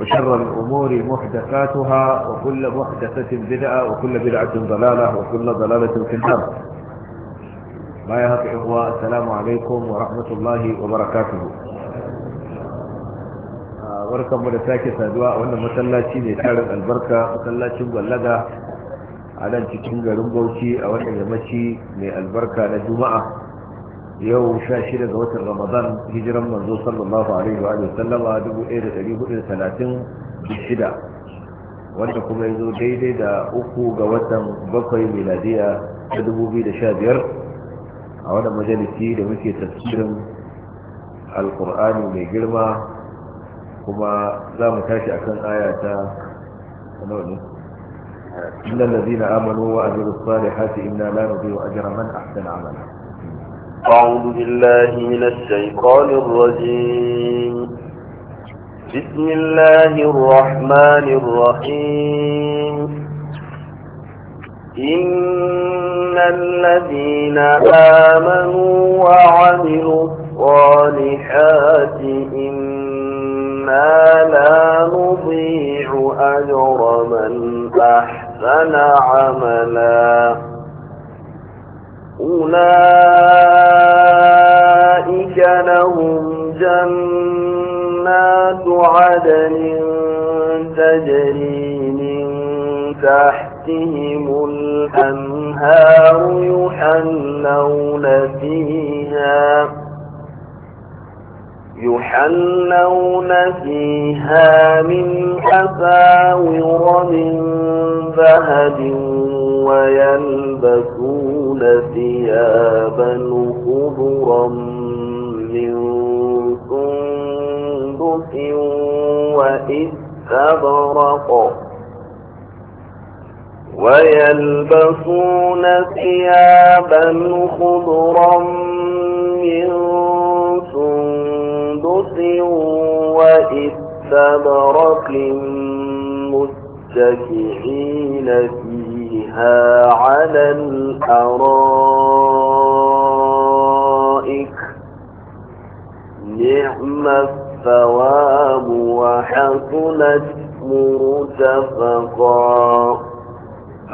وشر الأمور محدثاتها وكل محدثة بدعة وكل بدعة ضلالة وكل ضلالة في النار ما يهق إخوة السلام عليكم ورحمة الله وبركاته barkan mu da sake saduwa a wannan masallaci mai tarin albarka masallacin gwallaga a nan cikin garin bauchi a wannan yammaci mai albarka na juma'a yau sha shida ga watan ramadan hijiran manzo sallallahu alaihi wa sallama dubu ɗaya da ɗari hudu da talatin da shida wanda kuma ya zo daidai da uku ga watan bakwai miladiya ta dubu biyu da sha biyar a wani majalisi da muke tafsirin alkur'ani mai girma kuma za mu tashi akan aya ta إن الذين آمنوا وأجروا الصالحات إنا لا نضيع أجر من أحسن عملا أعوذ بالله من الشيطان الرجيم بسم الله الرحمن الرحيم إن الذين آمنوا وعملوا الصالحات إنا لا نضيع أجر من أحسن عملاً أولئك لهم جنات عدن تجري من تحتهم الأنهار يحلون فيها يحلون فيها من أساور من ذهب ويلبسون ثيابا خضرا من سندس وإستبرق ويلبسون ثيابا خضرا من سندس وإستبرق متكئين فيه بها على الأرائك نعم الثواب وحسنت مرتفقا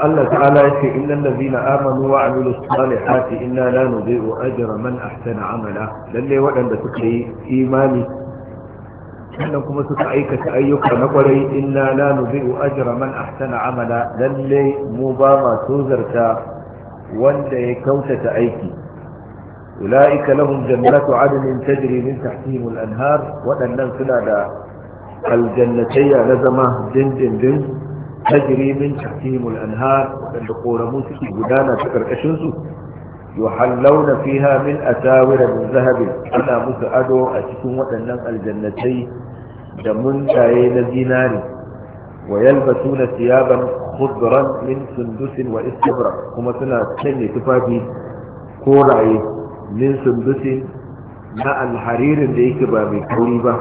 الله تعالى يقول إن الذين آمنوا وعملوا الصالحات إنا لا نضيع أجر من أحسن عملا للي وعند تقري إيماني sannan kuma suka aikata ayyuka na kwarai inna la nuzi'u ajra man ahsana amala lalle mu ba ma zarta wanda ya kautata aiki ulaika lahum jannatu adnin tajri min tahtihim al-anhar wadannan suna da aljannatayya na zama dindindin tajri min tahtihim al-anhar wadanda koramu suke gudana ta karkashin su yuhallawna fiha min asawir min zahabi ana musu ado a cikin waɗannan aljannatai da muntaye na zinari wa yalbasuna thiyaban khudran min sundus wa istibrak kuma suna sanya tufafi ko raye min sundus na alharirin da yake ba mai kauri ba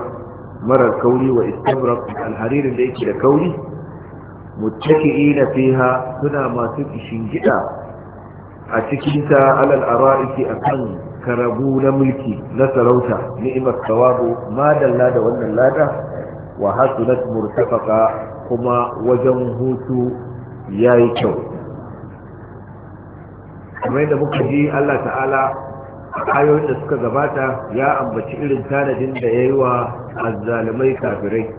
mara kauri wa istibrak alharirin da yake da kauri muttaki'ina fiha suna masu kishin gida a cikin ta alal ara'iki kan karabu na mulki na sarauta ni'imar sawabu ma da wannan lada wa hasunat murtafaka kuma wajen hutu ya yi kyau kamar yadda muka ji Allah ta'ala ayoyin da suka gabata ya ambaci irin tanadin da ya yi wa azzalimai kafirai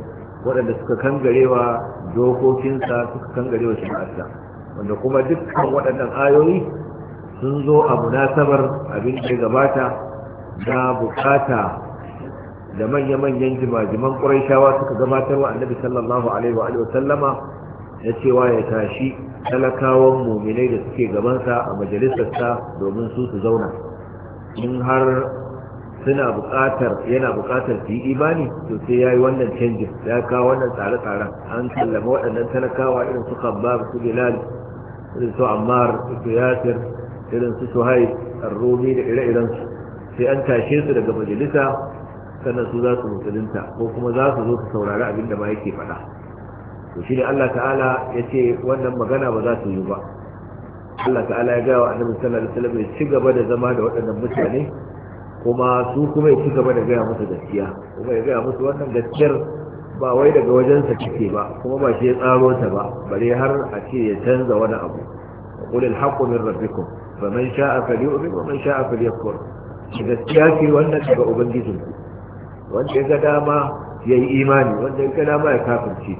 waɗanda suka kangarewa dokokinsa suka kangarewa shari'arsa wanda kuma dukkan waɗannan ayoyi sun zo a munasabar abin da gabata na bukata da manya-manyan jimajiman shawa suka gabatar wa annabi sallallahu alaihi wa sallama na cewa ya tashi talakawan muminai da suke gabansa a majalisarsa domin su su zauna in har suna buƙatar yana bukatar su yi imani to sai ya yi wannan canjin ya kawo wannan tsare-tsaren an sallama waɗannan talakawa irin su kabba su bilal irin su ammar su yasir irin su suhai arrumi da ire-iren su sai an tashe su daga majalisa sannan su za su musulunta ko kuma za su zo su saurari abin da ma yake faɗa to shi ne Allah ta'ala ya ce wannan magana ba za su yi ba Allah ta'ala ya gaya wa annabi sallallahu alaihi wasallam ya ci gaba da zama da waɗannan mutane kuma su kuma ya ci gaba da gaya musu gaskiya kuma ya gaya musu wannan gaskiyar ba wai daga wajensa kike ba kuma ba shi ya tsaro ta ba bare har a ce ya canza wani abu qul al haqqu min rabbikum fa man sha'a falyu'min wa man sha'a falyakfur gaskiya ce wannan daga ubangijin ku wanda ya ga dama ya yi imani wanda ya ga dama ya kafirce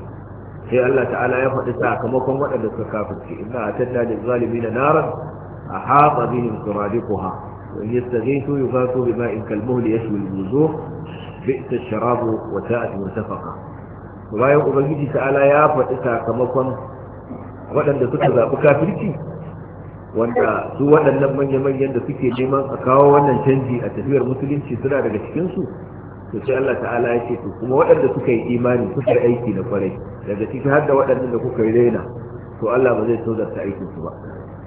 sai Allah ta'ala ya faɗi sakamakon waɗanda suka kafirce inna atanna lil zalimin naran ahata bihim suradiquha wa yastaghithu yughatu bima'in kalmuhl yashwi al-wujuh bi'sa ash-sharabu wa ta'at murtafaqa bayan ubangiji ta'ala ya faɗi sakamakon waɗanda suka zaɓi kafirci wanda su waɗannan manya-manyan da suke neman a kawo wannan canji a tafiyar musulunci suna daga cikinsu to sai Allah ta'ala ya ce to kuma waɗanda suka yi imani suka yi aiki na kwarai daga ciki har da waɗannan da kuka yi raina to Allah ba zai sauzarta aikin su ba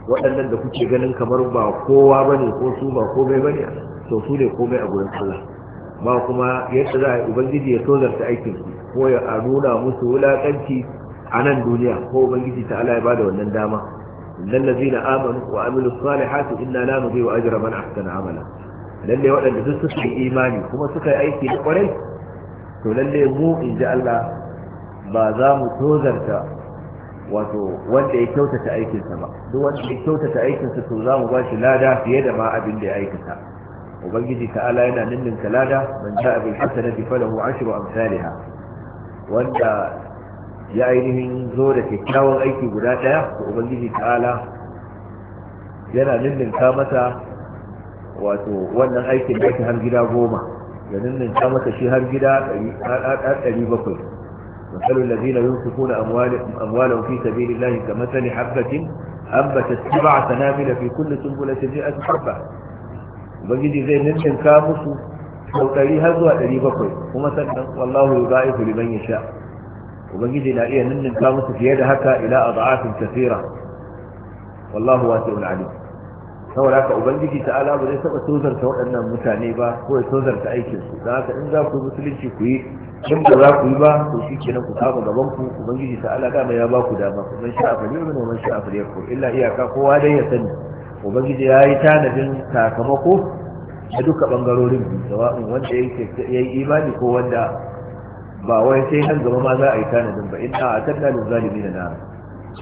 waɗannan da kuke ganin kamar ba kowa ba ne ko su ba komai ba ne? to su ne komai a gurin Allah ba kuma yadda za a yi ubangiji ya tozarta aikin ko ya nuna musu wulaƙanci a nan duniya ko ubangiji ta ala ya bada wannan dama innal ladzina amanu wa amilus salihati inna la nudhi'u ajra man ahsana amala lalle waɗanda duk suka yi imani kuma suka yi aiki da kwarai to lalle mu in ji Allah ba za mu tozarta wato wanda ya kyautata aikinsa ba duk wanda ya kyautata aikinsa to za mu ba shi lada fiye da ma abin da ya aikata ubangiji ta'ala yana ninninka lada man ja'a bil hasanati falahu ashru amsalha wanda ya ainihin zo da kyakkyawan aiki guda ɗaya da ubangiji ta'ala yana ninninka masa wato wannan aikin da har gida goma da ninninka masa shi har gida ɗari bakwai مثل الذين ينفقون أموالهم في سبيل الله كمثل حبة أنبتت سبع سنابل في كل سنبلة مئة حبة وبجد har ننشن كاموس أو تريها زوى تريبا كوي ومثلا والله يضاعف ya sha. ubangiji na iya ninninka musu fiye da haka ila adafin kathira wallahu wasi'ul alim saboda haka ubangiji ta'ala ba zai taba tozarta waɗannan mutane ba ko ya tozarta aikinsu. su don haka in za ku musulunci ku yi in ba za ku yi ba ko shi kenan ku kama gaban ku ubangiji ta'ala dama ya ba ku dama ku man sha'a fa liyu man sha'a fa liyu illa iyaka kowa dai ya sani ubangiji ya yi tanadin sakamako na duka ɓangarorin biyu sawa'in wanda ya yi imani ko wanda ba wai sai nan gaba ma za a yi tanadin ba inna atanna lil zalimin nar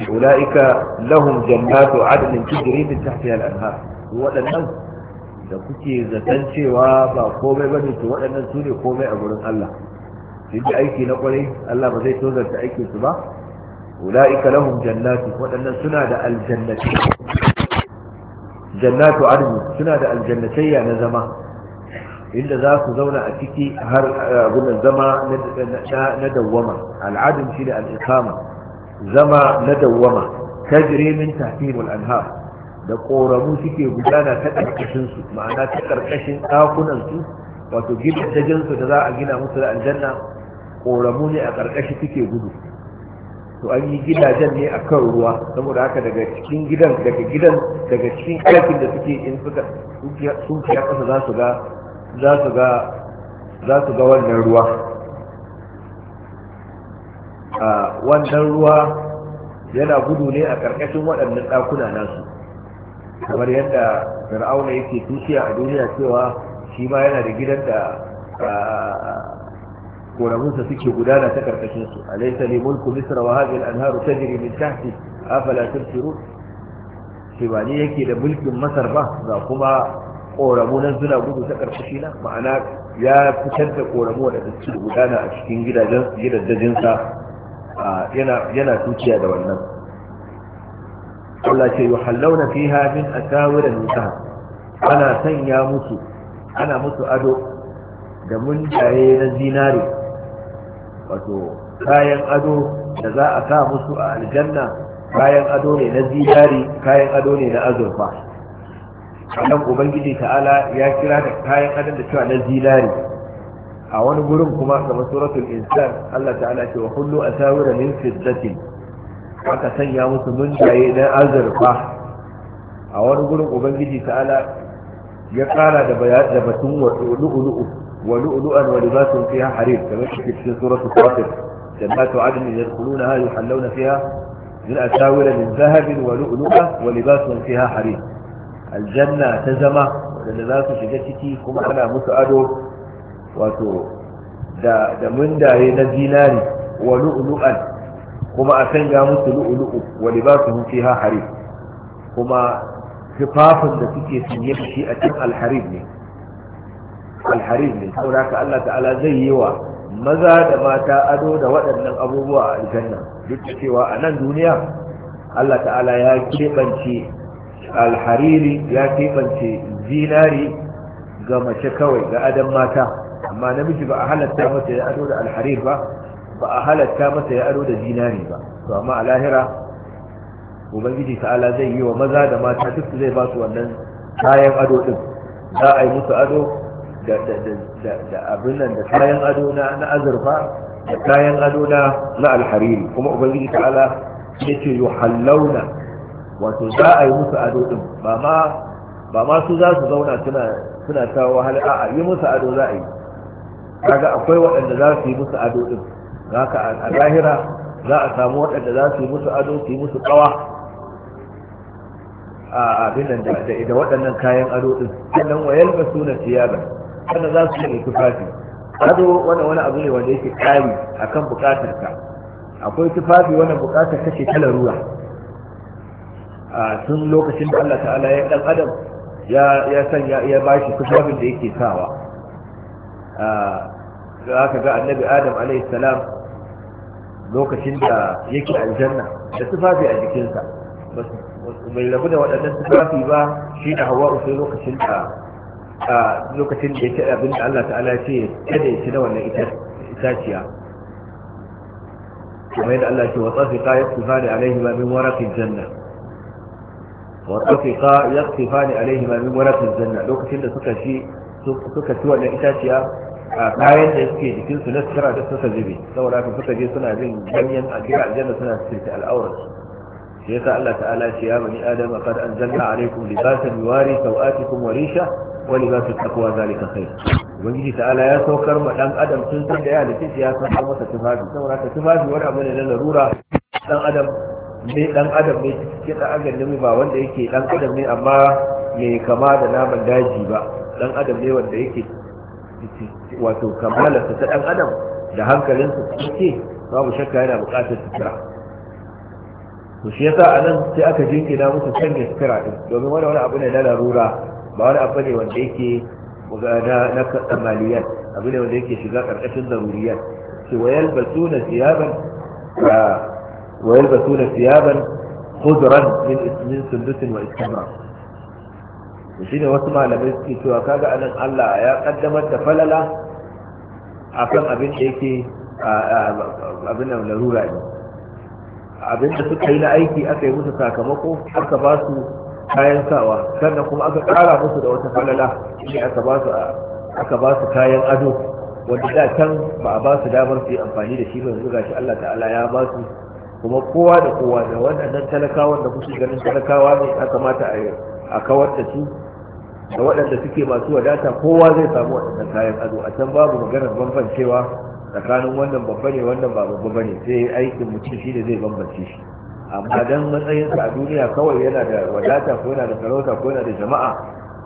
ulaika lahum jannatu adnin tajri min tahtiha al anhar wadannan da kuke zaton cewa ba komai ba ne, to wadannan su ne komai a gurin Allah duk da aiki na kwarai Allah ba zai tozarta aikin su ba ulaika lahum jannatu wadannan suna da aljannati jannatu adnin suna da aljannatayya na zama inda za su zauna a ciki har eh, abin zama na dawwama al'adun shi da al'ikama zama na dawwama jire min tahtihimul anhar da koramu suke gudana ta karkashin su ma'ana ta karkashin dakunan su wato gidajen su da za a gina musu da aljanna koramu ne a karkashi suke gudu to an yi gidajen ne a kan ruwa saboda haka daga cikin gidan daga gidan daga cikin ɗakin da suke in suka sun fiya ƙasa za su ga za su ga wannan ruwa a wannan ruwa yana gudu ne a ƙarƙashin waɗannan ɗakuna nasu kamar yadda fir'auna yake tushiya a duniya cewa shi ma yana da gidan da ƙoramunsa suke gudana ta ƙarƙashinsu a laisa ne mulku misra wa hajjil anharu tajiri min a shiru shi ba ne yake da mulkin masar ba ga kuma ƙoramu na suna gudu ta ƙarƙashi ma'ana ya fitar da ƙoramu waɗanda cikin gudana a cikin gidajen gidajensa yana tuciya da wannan Allah ce yuhallauna fiha min asawir nisa ana sanya musu ana musu ado da munjaye na zinare wato kayan ado da za a sa musu a aljanna kayan ado ne na zinare kayan ado ne na azurfa wannan ubangiji ta'ala ya kira da kayan adam da cewa na zinari a wani gurin kuma kamar suratul insan Allah ta'ala ce wa kullu asawira min fiddatin aka sanya musu mundaye na azurfa a wani gurin ubangiji ta'ala ya kara da bayan da batun wa lu'lu'u wa lu'lu'an wa libasun fiha harir kamar cikin suratul fatir jannatu adnin yadkhulunaha yuhallawna fiha min zahabin من ذهب ولؤلؤة ولباس فيها حرير aljanna ta zama wadanda za su shiga ciki kuma ana musu ado wato da mundaye na zinari wa lu'lu'an kuma a ga musu lu'lu'u wa libasuhum fiha harir kuma tufafin da suke sanye da shi a cikin alharir ne alharir ne saboda haka Allah ta'ala zai yi wa maza da mata ado da waɗannan abubuwa a aljanna duk da cewa a nan duniya Allah ta'ala ya keɓance alhariri ya keɓance zinari ga mace kawai ga adam mata amma namiji ba a halatta masa ya ado da alharir ba ba a halatta masa ya ado da zinari ba to amma a lahira ubangiji ta'ala zai yi wa maza da mata duk zai ba su wannan kayan ado din za a yi musu ado da abin nan da kayan ado na azurfa da kayan ado na alhariri kuma ubangiji ta'ala ya ce yuhallauna wato za a yi musu ado din ba ma ba ma su za su zauna suna suna ta wahala a a yi musu ado za a yi kaga akwai waɗanda za su yi musu ado din haka a zahira za a samu waɗanda za su yi musu ado su yi musu kawa a abin nan da da waɗannan kayan ado din sannan wa yalbasu na siyaba kada za su yi tufafi ado wani wani abu ne wanda yake kari akan bukatarka akwai tufafi wani buƙatar kake kala ruwa. tun lokacin da Allah ta'ala ya dan adam ya sanya ya ba shi tufafin da yake sawa da aka ga annabi adam alaihi salam lokacin da yake aljanna da tufafi a jikinsa bai rabu da waɗannan tufafi ba shi da hawa sai lokacin da lokacin da ya ce abin da Allah ta'ala ce kada ya ci na wannan itaciya kuma yadda Allah ce wa tsafi ka ya tufa da alaihi ma min warakin janna واتفقا يقفان عليهما من ورق الجنة لو كتن suka شيء سكا itaciya a kayan da suke jikin su na sutura da suka zube saboda haka suka je suna jin ganyen a kira aljanna suna sirta al'aurar shi yasa Allah ta'ala ce ya bani adam qad anzalna alaykum libasan yuwari sawatikum wa risha wa libasu taqwa zalika khair ubangiji ta'ala ya saukar ma dan adam sun san da ya halitta ya san masa tufafi saboda haka tufafi wani abu ne na larura dan adam ne dan adam ne cikin dan adam ne ba wanda yake dan adam ne amma ya kama da naman daji ba dan adam ne wanda yake wato kamala ta dan adam da hankalinsa cike babu shakka yana bukatar sutura to shi yasa a nan sai aka jinkina musu sanya sutura din domin wani wani abu ne na larura ba wani abu ne wanda yake na kasamaliyar abu ne wanda yake shiga karkashin zaruriyar shi wayal basuna na siyaban ah, ويلبسون ثيابا خضرا من من سندس واستبرق shine wasu malamai suke cewa kaga anan Allah ya kaddamar da falala akan abin da yake abin da ne abin da suka yi na aiki aka yi musu sakamako aka ba su kayan sawa sannan kuma aka kara musu da wata falala shi aka ba su aka ba su kayan ado wanda da can ba a ba su damar su yi amfani da shi ba yanzu gashi Allah ta'ala ya ba su kuma kowa da kowa da waɗannan talakawa da kusa ganin talakawa ne ya kamata a kawar da su da waɗanda suke masu wadata kowa zai samu waɗannan kayan ado a can babu maganar bambancewa tsakanin wannan babba ne wannan ba babba ne sai aikin mutum shi da zai bambance shi amma dan sa a duniya kawai yana da wadata ko yana da sarauta ko yana da jama'a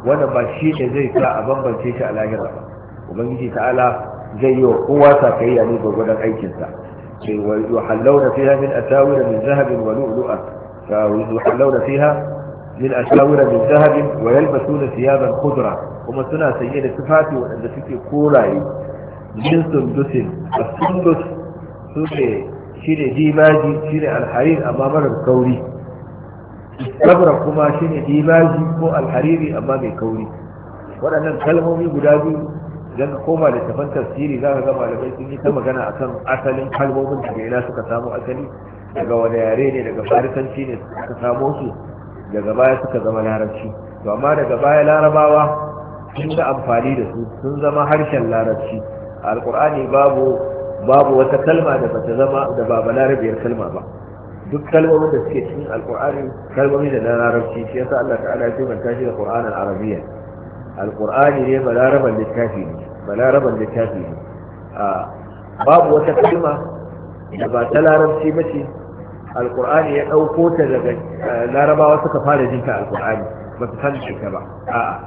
wannan ba shi ne zai sa a bambance shi a lahira ba ubangiji ta'ala zai yi wa kowa sakayya ne gwagwadon aikinsa يحلون فيها من أساور من ذهب ولؤلؤة يحلون فيها من أساور من ذهب ويلبسون ثيابا خضرا وما سنة سيئة صفاتي وأن تكي كولاي من سندس السندس سنة شنة ديماجي شنة الحرير أمام الكوري استبرا كما شنة ديماجي هو الحريري أمام الكوري waɗannan kalmomi guda biyu idan ka koma da tafan tafsiri za ka ga malamai sun yi ta magana akan asalin kalmomin da ina suka samu asali daga wani yare ne daga farisanci ne suka samo su daga baya suka zama larabci to amma daga baya larabawa sun da amfani da su sun zama harshen larabci alkur'ani babu babu wata kalma da bata zama da ba larabiyar kalma ba duk kalmomin da suke cikin alkur'ani kalmomi da na larabci shi yasa Allah ta'ala ya kimanta shi da qur'anin arabiyya alkur'ani ne larabar littafi ne balaraban littafi ne babu wata kalma da ba ta larabci mace. ce alkur'ani ya ɗauko ta daga larabawa suka fara jinta alkur'ani ba su san shi ba a'a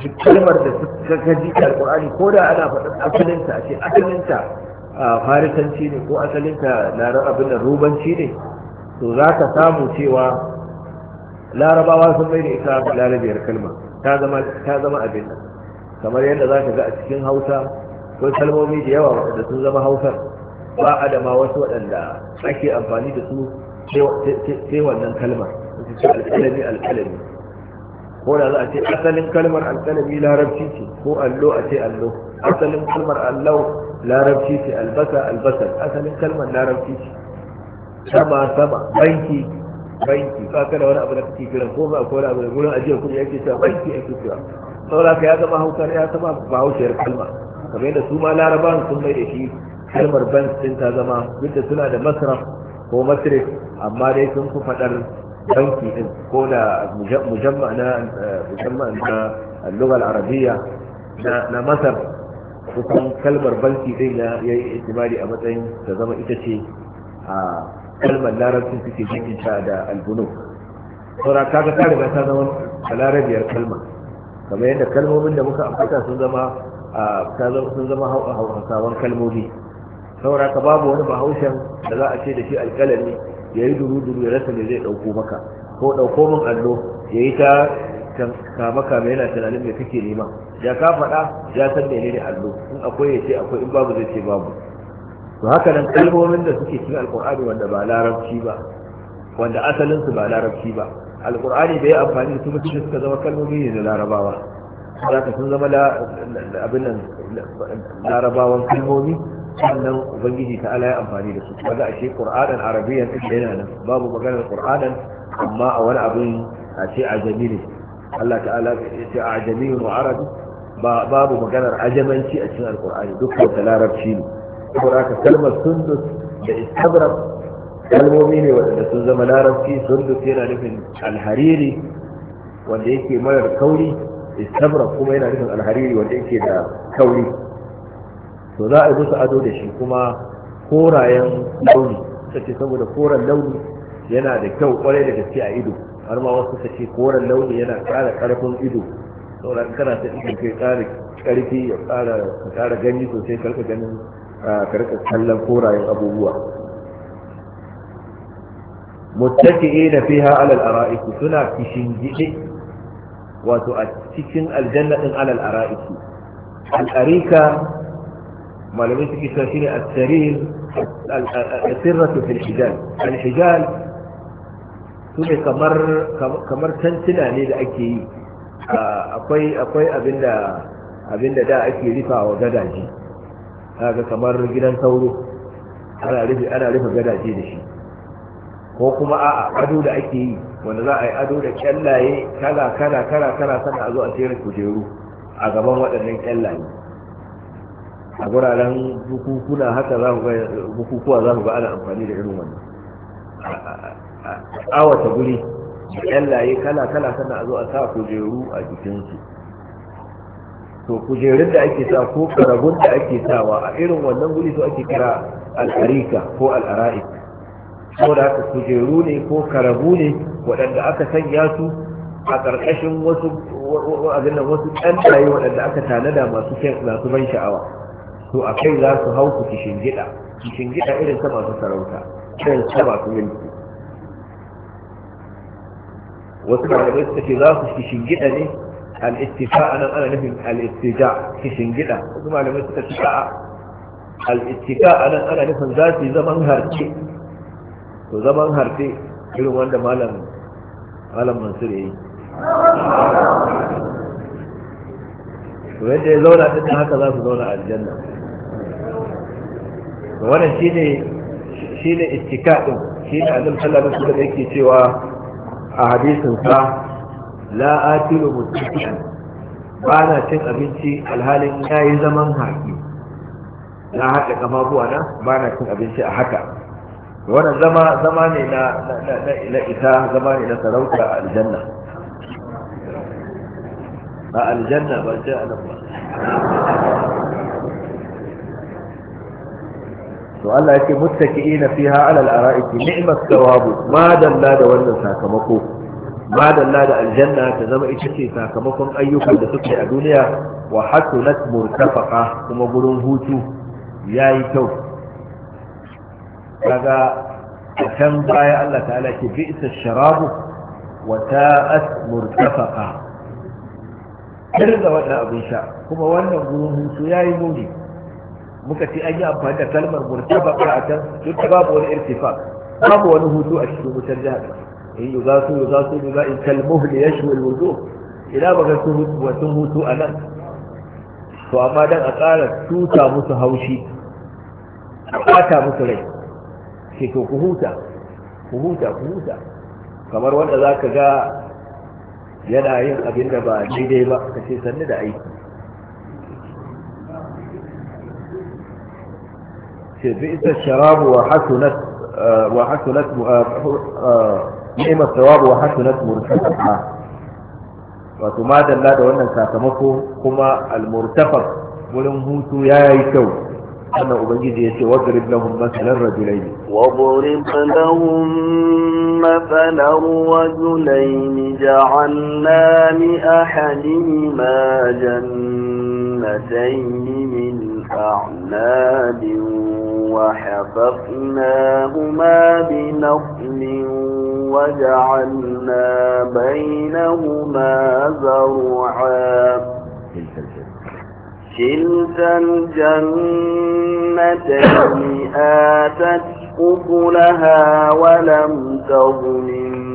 duk kalmar da suka ji alkur'ani ko da ana faɗin asalinta a ce asalinta farisanci ne ko asalinta larar abin da rubanci ne to za ka samu cewa larabawa sun bai da ita larabiyar kalma ta zama abin nan kamar yadda za ka ga a cikin hausa ko kalmomi da yawa da sun zama hausa ba a da ma wasu waɗanda ake amfani da su sai wannan kalmar su ce alƙalami alƙalami ko da za a ce asalin kalmar alƙalami larabci ce ko allo a ce allo asalin kalmar allau larabci ce albasa albasar asalin kalmar larabci ce sama sama banki banki ba ka da wani abu da kake kiran ko ba ko wani abu da gurin ajiyar kuɗi ake cewa banki ake cewa saboda ya zama hausa ya zama bahaushiyar kalma kamar yadda su ma larabawan sun mai da shi kalmar ban din ta zama duk da suna da masraf ko masrif amma dai sun fi fadar banki din ko da mujamma na mujamma na al-lugha al-arabiyya na na masar kusan kalmar banki din ya yi itimari a matsayin ta zama ita ce a kalmar larabcin suke jikinta da albunu saura kaga ta riga ta zama larabiyar kalmar kamar yadda kalmomin da muka ambata sun zama sun zama hausawan kalmomi saboda ka babu wani bahaushen da za a ce da shi alƙalami ya yi duru-duru ya rasa ne zai ɗauko maka ko ɗauko min allo ya yi ta kama kama yana tunanin mai kake nema ya ka faɗa ya san mene ne allo in akwai ya ce akwai in babu zai ce babu to haka nan kalmomin da suke cikin alƙur'ani wanda ba larabci ba wanda asalinsu ba larabci ba alkur'ani bai ya amfani da su mutum suka zama kalmomi ne da larabawa za sun zama abin nan larabawan kalmomi sannan ubangiji ta ala ya amfani da su kaga ashe qur'anan arabiyan din yana nan babu maganar qur'anan amma a wani abin a ce ajami ne Allah ta'ala ya ce ajami wa arabi babu maganar ajamanci a cikin alkur'ani duk da larabci ne saboda kalmar sundus da istabrak kalmomi ne waɗanda sun zama larabci sundus yana nufin alhariri wanda yake marar kauri istabra kuma yana nufin alhariri wanda yake da kauri to za a yi musu ado da shi kuma korayen launi sace saboda koren launi yana da kyau kwarai da gaske a ido har ma wasu sace koren launi yana kara karfin ido sauran kana ta ido kai ƙarfi ya ƙara gani sosai karka ganin karka ah, kallon korayen abubuwa na fiha ala al-ara'ik suna kishingide wato a cikin aljanna din ala al-ara'ik al-arika malamai suke cewa shine as-sarir as-sirratu fil hijal al-hijal sune kamar kamar tantuna ne da ake yi akwai akwai abinda abinda da ake rufa wa gadaje kaga kamar gidan sauro ana rufe ana rufe gadaje da shi ko kuma a'a ado da ake yi wanda za a yi ado da kyallaye kala kala kala kala sana a zo a tsere kujeru a gaban waɗannan kyallaye a guraren bukukuna haka za ku ga bukukuwa za ku ga ana amfani da irin wannan A wata guri da kyallaye kala kala sana a zo a sa kujeru a jikinsu to kujerun da ake sa ko karagun da ake sawa a irin wannan guri su ake kira al'arika ko al'ara'ika saboda haka kujeru ne ko karabu ne waɗanda aka sanya su a ƙarƙashin wasu abin wasu ɗanɗaye waɗanda aka tanada masu masu ban sha'awa to a kai za su hau su kishin gida kishin gida irin ta masu sarauta irin ta masu mulki wasu malamai suka ce za su kishin gida ne al-istifa nan ana nufin al-istija kishin gida wasu malamai suka ce a'a al-istifa nan ana nufin za su yi zaman harce to zaman harfe irin wanda malam malam mansur ya yi to yadda ya zauna ɗin haka za su zauna a aljanna to wannan shine shine istika din shine azam sallallahu alaihi wasallam yake cewa a hadisin sa la atilu mutakiyan ba na cin abinci alhalin yayi zaman haƙi na haɗa buwa na ba na cin abinci a haka wannan zama zama ne na na ita zama ne na sarauta a aljanna a aljanna ba sai a nan ba to Allah yake muttaki'ina fiha ala al-ara'iki ni'mat thawabu ma dalla da wannan sakamako ma da aljanna ta zama ita ce sakamakon ayyukan da suke a duniya wa hasunat murtafaqa kuma gurin hutu yayi kyau kaga a can baya Allah ta'ala ke bi isa sharabu wa ta'at murtafaqa irin da wannan abin sha kuma wannan gurin hutu yayi muni muka ce an yi amfani da kalmar murtafaqa a can duk babu wani irtifaq babu wani hutu a cikin wutar jihar in yi zasu yi zasu yi za in kalmuhu da yashu alwudu ina ba ga sun hutu a nan to amma dan a ƙara tuta musu haushi a ɓata musu rai ce to ku huta ku huta ku huta kamar wanda za ka ga yana yin abin da ba daidai ba ka ce sannu da aiki ce bi ita sharabu wa hasunat eh, wa hasunat eh, ni'imar thawabu wa hasunat murtafaqa wato ma da wannan sakamako kuma al-murtafaq wurin hutu ya yi kyau أنا أبنجي يتي واضرب لهم مثلا رجلين واضرب لهم مثلا رجلين جعلنا لأحدهما جنتين من أعناب وحففناهما بنخل وجعلنا بينهما زرعا كلتا الجنتين آتت أكلها ولم تظلم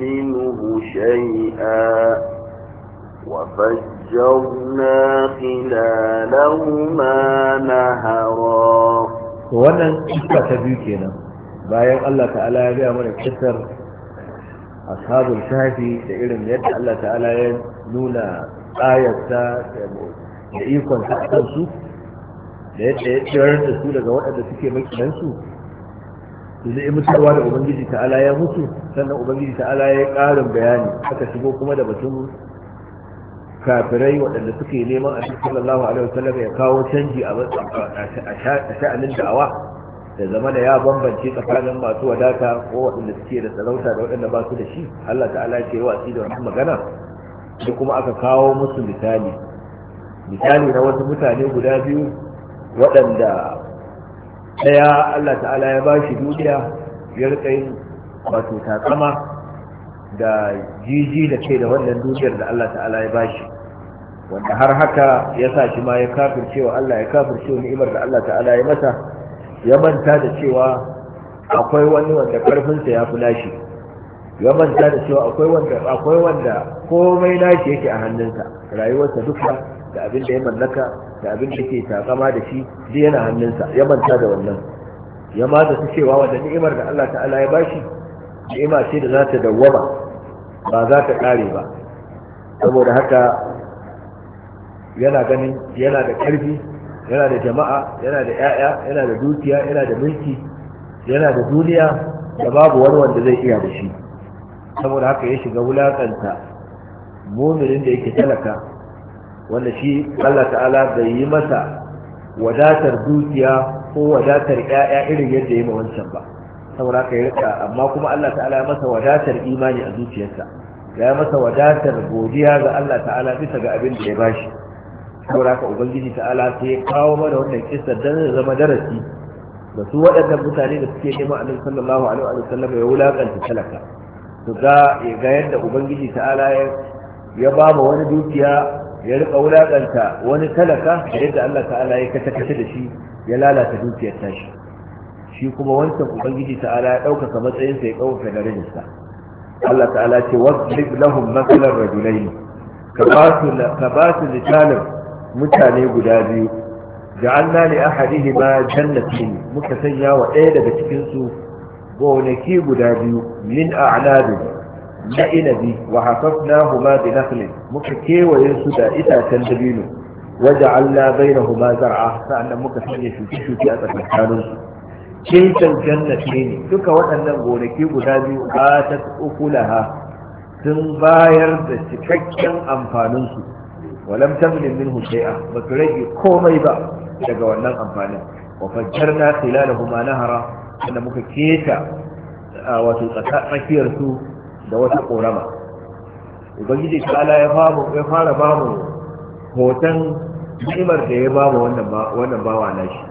منه شيئا وفجرنا خلالهما نهرا وانا اتبع تبيكينا بايق الله تعالى بها من اكتر أصحاب الكافي تقول ان يد الله تعالى نولى آية ساعة da ikon sa a kansu da yadda ya tsirar da su daga waɗanda suke makinansu su zai mutu da ubangiji ta'ala ya mutu sannan ubangiji ta'ala ya ƙarin bayani aka shigo kuma da batun kafirai waɗanda suke neman a cikin sallallahu alaihi wasallam ya kawo canji a sha'anin da'awa da zama da ya bambance tsakanin masu wadata ko waɗanda suke da sarauta da waɗanda ba su da shi Allah ta'ala ce wa da wannan magana da kuma aka kawo musu misali misali na wasu mutane guda biyu waɗanda ɗaya Allah ta'ala ya ba shi duniya ya rika yin wato takama da jiji da ke da wannan duniyar da Allah ta'ala ya ba shi wanda har haka ya sa shi ma ya cewa Allah ya cewa ni'imar da Allah ta'ala ya masa ya manta da cewa akwai wani wanda karfinsa ya fi nashi ya manta da cewa akwai wanda akwai wanda komai nashi yake a hannunsa rayuwarsa duka da abin da ya mallaka da abin da ke takama da shi duk yana hannunsa ya manta da wannan ya ma da cewa wanda ni'imar da Allah ta'ala ya bashi ni'ima ce da za ta dawwama ba za ta kare ba saboda haka yana ganin yana da karfi yana da jama'a yana da 'ya'ya yana da dukiya yana da mulki yana da duniya da babu wani wanda zai iya da shi saboda haka ya shiga wulakanta muminin da yake talaka wanda shi Allah ta'ala bai yi masa wadatar dukiya ko wadatar ƴaƴa irin yadda ya ma wancan ba saboda ka rika amma kuma Allah ta'ala ya masa wadatar imani a zuciyarsa ya masa wadatar godiya ga Allah ta'ala bisa ga abin da ya bashi saboda ka ubangiji ta'ala sai ya kawo mana wannan kissa dan ya zama darasi da su waɗannan mutane da suke neman annabi sallallahu alaihi wa sallam ya wulakanta talaka su ga ya ga yadda ubangiji ta'ala ya ya ba wani dukiya ya riƙa wulaƙanta, wani talaka da yadda Allah ta'ala ya kata kata da shi ya lalata dukiyar tashi shi kuma wancan ubangiji ta'ala ya ɗaukaka matsayinsa ya ɗaukaka darajarsa Allah ta'ala ce wasbib lahum masalan rajulaini ka ba su misalin mutane guda biyu ja'alna li ahadihima jannatin muka sanya wa ɗaya daga cikin su gonaki guda biyu min a'nabin na inabi wa huma bi muka kewaye su da itacen dabino waje Allah huma zar'a sa'annan muka sanya shuke shuki a tsakankanin su kiltan jannati ne duka waɗannan gonaki guda biyu atat ukulaha sun bayar da cikakken amfanin su walam tamlin minhu shay'a ba su rage komai ba daga wannan amfanin wa fajjarna khilalahuma nahara sannan muka keta wato tsakiyar su da wata korama ubangiji ta'ala ya fara ba fara bamu hoton ni'imar da ya bamu wannan wannan bawa shi.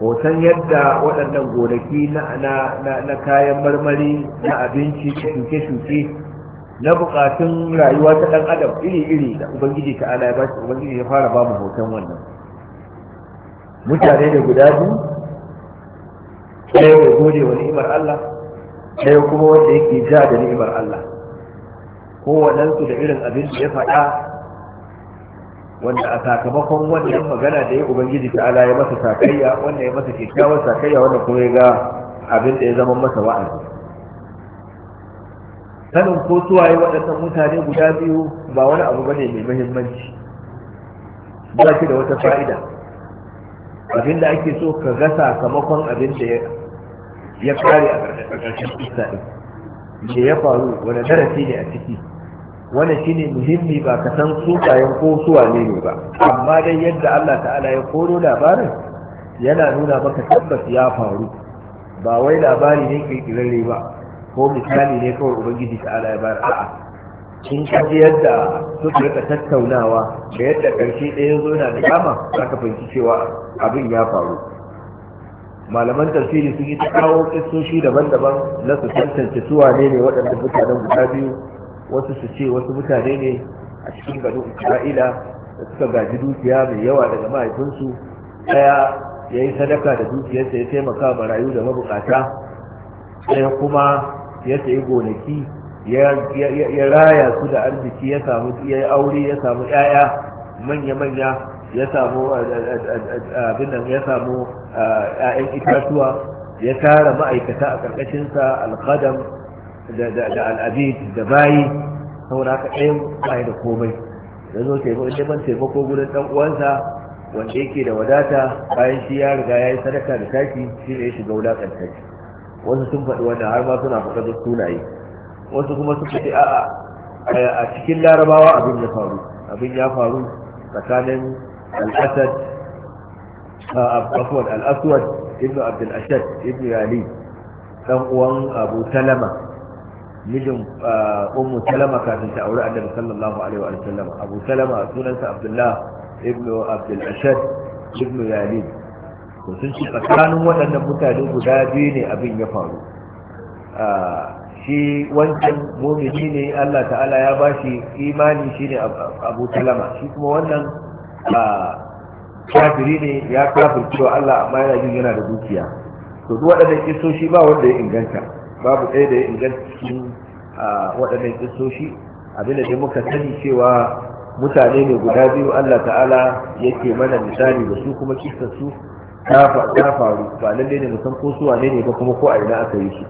hoton yadda waɗannan gonaki na kayan marmari na abinci shuke-shuke na bukatun rayuwa ta ɗan adam iri-iri da ubangiji ta'ala ya bashi ubangiji ya fara bamu hoton wannan mutane da guda biyu ɗaya ya gode wa ni'imar Allah ɗaya kuma wanda yake ja da ni'imar Allah kowanensu da irin abin da ya faɗa wanda a sakamakon wannan magana da ya ubangiji ta ala ya masa sakayya wanda ya masa kyakkyawar sakayya wanda kuma ya ga abin da ya zama masa wa'azi sanin ko suwaye waɗannan mutane guda biyu ba wani abu bane mai muhimmanci ba shi da wata fa'ida abin da ake so ka ga sakamakon abin da ya ya kare a ƙarƙashin kissa ɗin me ya faru wani darasi ne a ciki Wani shi ne muhimmi ba ka san sukayen ko suwa ne ne ba amma dai yadda Allah ta'ala ya koro labarin yana nuna maka tabbas ya faru ba wai labari ne kirkirarre ba ko misali ne kawai ubangiji ta'ala ya bayar a'a in ka ji yadda suka rika tattaunawa da yadda ƙarshe ɗaya zo na da kama za ka fahimci cewa abin ya faru malaman tafsiri sun yi ta kawo kistoshi daban-daban na su tantance su wane ne waɗanda mutanen guda biyu wasu su ce wasu mutane ne a cikin garin isra'ila da suka gaji dukiya mai yawa daga mahaifinsu ɗaya ya yi sadaka da dukiyarsa ya taimaka marayu da mabukata ɗaya kuma ya sayi gonaki ya raya su da arziki ya samu ya aure ya samu 'ya'ya manya-manya ya samu abin nan ya samu ya'yan itatuwa ya tara ma'aikata a ƙarƙashinsa alƙadam da al'abid da bayi saboda haka ɗayan bayi da komai ya zo taimako wurin taimako gudun ɗan uwansa wanda yake da wadata bayan shi ya riga ya yi sadaka da taki shi ne ya shiga wulaƙanta shi wasu sun faɗi wannan har ma suna faɗa da sunaye wasu kuma sun faɗi a cikin larabawa abin ya faru abin ya faru tsakanin الأسد عفوا الأسود ابن عبد الأشد ابن علي uwan abu salama mijin ummu salama kafin ta aure annabi sallallahu alaihi wa sallam abu salama sunansa abdullah ibn abdul ashad ibn sun tsakanin waɗannan mutane guda biyu ne abin ya faru shi wancan mumini ne Allah ta'ala ya bashi imani shine abu Talama shi kuma wannan kafiri ne ya cewa Allah amma yana jin yana da dukiya to duk waɗannan shi ba wanda ya inganta babu ɗaya da ya inganta cikin waɗannan kisoshi abin da muka sani cewa mutane ne guda biyu Allah ta'ala yake mana misali da su kuma kisar su ta faru ba lalle ne musan ko su wane ne ba kuma ko a ina aka yi su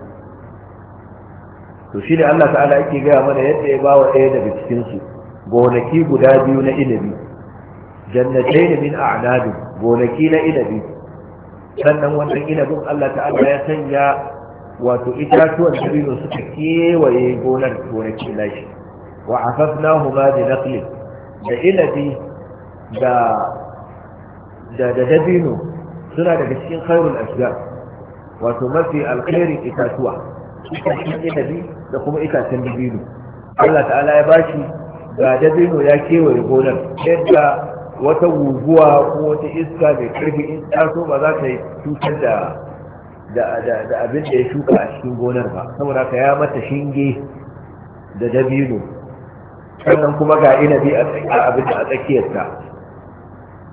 to shi ne Allah ta'ala yake gaya mana yadda ya ba wa ɗaya daga cikin su gonaki guda biyu na inabi jannatayn min a'nab gonaki na inabi sannan wannan inabin Allah ta'ala ya sanya wato itatuwan dabino suka kewaye gonar gonaki nashi wa afafnahu ma bi naqli da inabi da dabino suna daga cikin khairul asbab wato mafi alkhairin itatuwa itacen inabi da kuma itacen dabino Allah ta'ala ya bashi ga dabino ya kewaye gonar yadda wata guguwa ko wata iska mai karfi in ta so ba za ta yi cutar da da abin da ya shuka a cikin gonar ba saboda ka ya mata shinge da dabino sannan kuma ga inabi a abin da a tsakiyarta